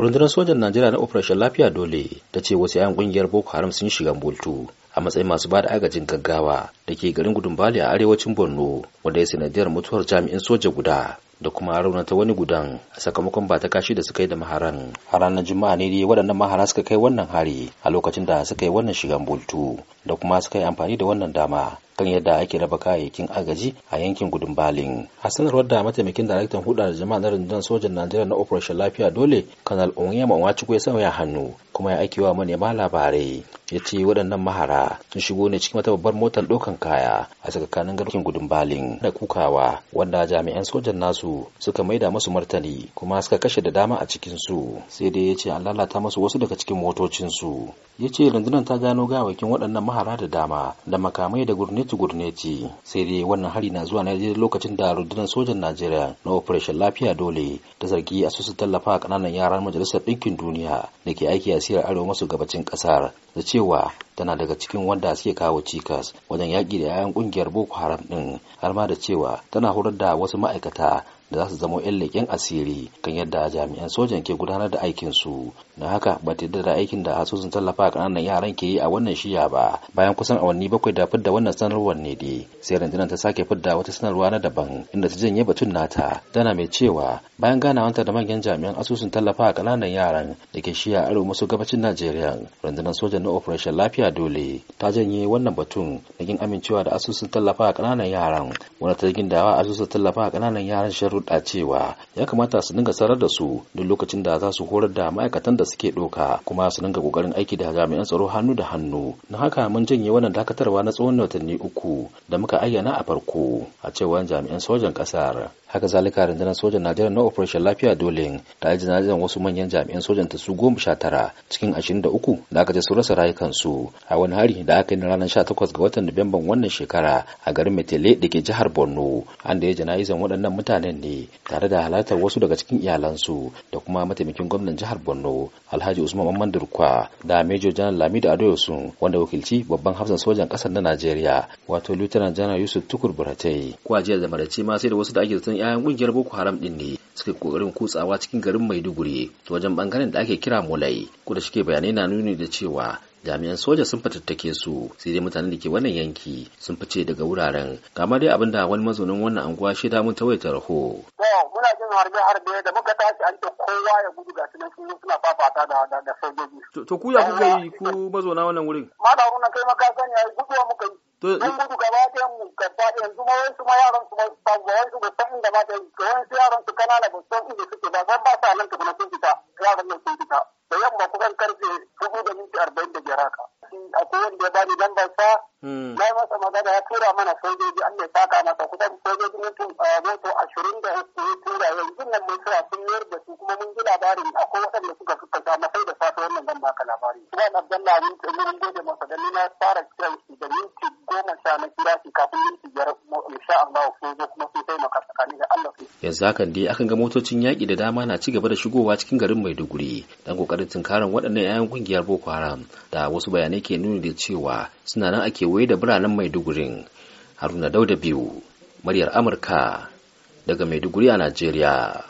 rundunar sojan najeriya na operation lafiya dole ta ce wasu 'yan kungiyar boko haram sun shiga bultu a matsayin masu ba da agajin gaggawa da ke garin gudun bali a arewacin borno wanda ya sanadiyar mutuwar jami'in soja guda da kuma raunata wani gudan a sakamakon ba ta kashi da suka yi da maharan a ranar juma'a ne dai waɗannan mahara suka kai wannan hari a lokacin da suka yi wannan shigan bultu da kuma suka yi amfani da wannan dama kan yadda ake raba kayayyakin agaji a yankin gudun balin a sanarwar da mataimakin daraktan hudu jama'a na rundunar sojan najeriya na operation lafiya dole kanal onyema nwachukwu ya hannu kuma ya aiki wa manema labarai ya ce waɗannan mahara sun shigo ne cikin wata babbar motar ɗaukan kaya a tsakanin garkin gudun balin da kukawa wanda jami'an sojan nasu suka maida masu martani kuma suka kashe da dama a cikin su sai dai ya ce an lalata masu wasu daga cikin motocin su ya ce rundunar ta gano gawakin waɗannan mahara da dama da makamai da gurneti gurneti sai dai wannan hari na zuwa ne lokacin da rundunar sojan najeriya na operation lafiya dole ta zargi a asusun tallafa a ƙananan yaran majalisar ɗinkin duniya da ke aiki a shiyar arewa maso gabacin kasar da cewa tana daga cikin wanda suke kawo cikas wajen yaƙi da 'ya'yan ƙungiyar boko haram ɗin har ma da cewa tana horar da wasu ma'aikata da za su zamo 'yan leƙen asiri kan yadda jami'an sojan ke gudanar da aikinsu da haka ba ta da aikin da asusun tallafa kananan yaran ke yi a wannan shiya ba bayan kusan awanni bakwai da fidda wannan sanarwar ne dai sai rundunar ta sake fidda wata sanarwa na daban inda ta janye batun nata tana mai cewa bayan ganawanta da manyan jami'an asusun tallafa kananan yaran da ke shiya a masu gabacin najeriya rundunar sojan na operation lafiya dole ta janye wannan batun da kin amincewa da asusun tallafa kananan yaran wanda ta gindawa asusun tallafa kananan yaran sharuɗa cewa ya kamata su dinga sarar da su duk lokacin da za su horar da ma'aikatan da suke ɗauka kuma su dinga ƙoƙarin aiki da jami'an tsaro hannu da hannu na haka mun janye wannan dakatarwa na tsawon watanni uku da muka ayyana a farko a cewar jami'an sojan ƙasar haka zalika rundunar sojan najeriya na operation lafiya dole ta yi jana'izar wasu manyan jami'an sojan ta su goma sha tara cikin ashirin da uku da aka ce su rasa rayukansu a wani hari da aka yi na ranar sha takwas ga watan nuwamban wannan shekara a garin metele da ke jihar borno an da ya jana'izar waɗannan mutanen ne tare da halartar wasu daga cikin iyalansu da kuma mataimakin gwamnan jihar borno alhaji usman mamman durkwa da major janar lamido adoyosu wanda wakilci babban hafsan sojan ƙasar na najeriya wato lieutenant janar yusuf tukur buratai ko ajiyar jiya da marace ma sai da wasu da ake zaton 'ya'yan kungiyar boko haram din ne suka kokarin kutsawa cikin garin maiduguri to wajen bangaren da ake kira mulai ko da shike bayanai na nuni da cewa jami'an soja sun fatattake su sai dai mutanen da ke wannan yanki sun fice daga wuraren kamar dai abinda wani mazaunin wannan anguwa shida mun tawaita raho muna jin harbe-harbe da muka tashi an ce kowa ya gudu ga sunan sun suna fafata da sojoji. To ku ya kuka yi eh, ku mazauna wannan wurin? da wurin kai maka sani ya yi guduwa muka yi. an gudu gaba ɗaya mu gaba ɗaya yanzu ma wasu ma yaran su ma ba wasu ba san inda ma ɗaya ga yaran su kanana ba san inda suke ba ban ba sa nan ka kuma sun fita yaran nan sun fita da yamma kusan karfe hudu da minti arba'in da biyar haka. akwai wanda ya bani lambar sa hmm. na yi masa magana ya tura mana sojoji an ne saka masa kusan sojoji mutum moto ashirin da uku ya tura yanzu nan mun tura sun mayar da su kuma mun ji labarin akwai waɗanda suka fita na sai da safe wannan ban baka labari. Suwan Abdullahi mun gode masa da ni na fara yaƙi kafin kuma sun taimaka tsakanin da Allah yanzu hakan dai akan ga motocin yaƙi da dama na ci gaba da shigowa cikin garin Maiduguri dan kokarin tunkaran waɗannan 'ya'yan kungiyar Boko Haram da wasu bayanai ke nuni da cewa suna nan a waye da biranen Maidugurin Haruna Dauda biyu muryar Amurka daga Maiduguri a Najeriya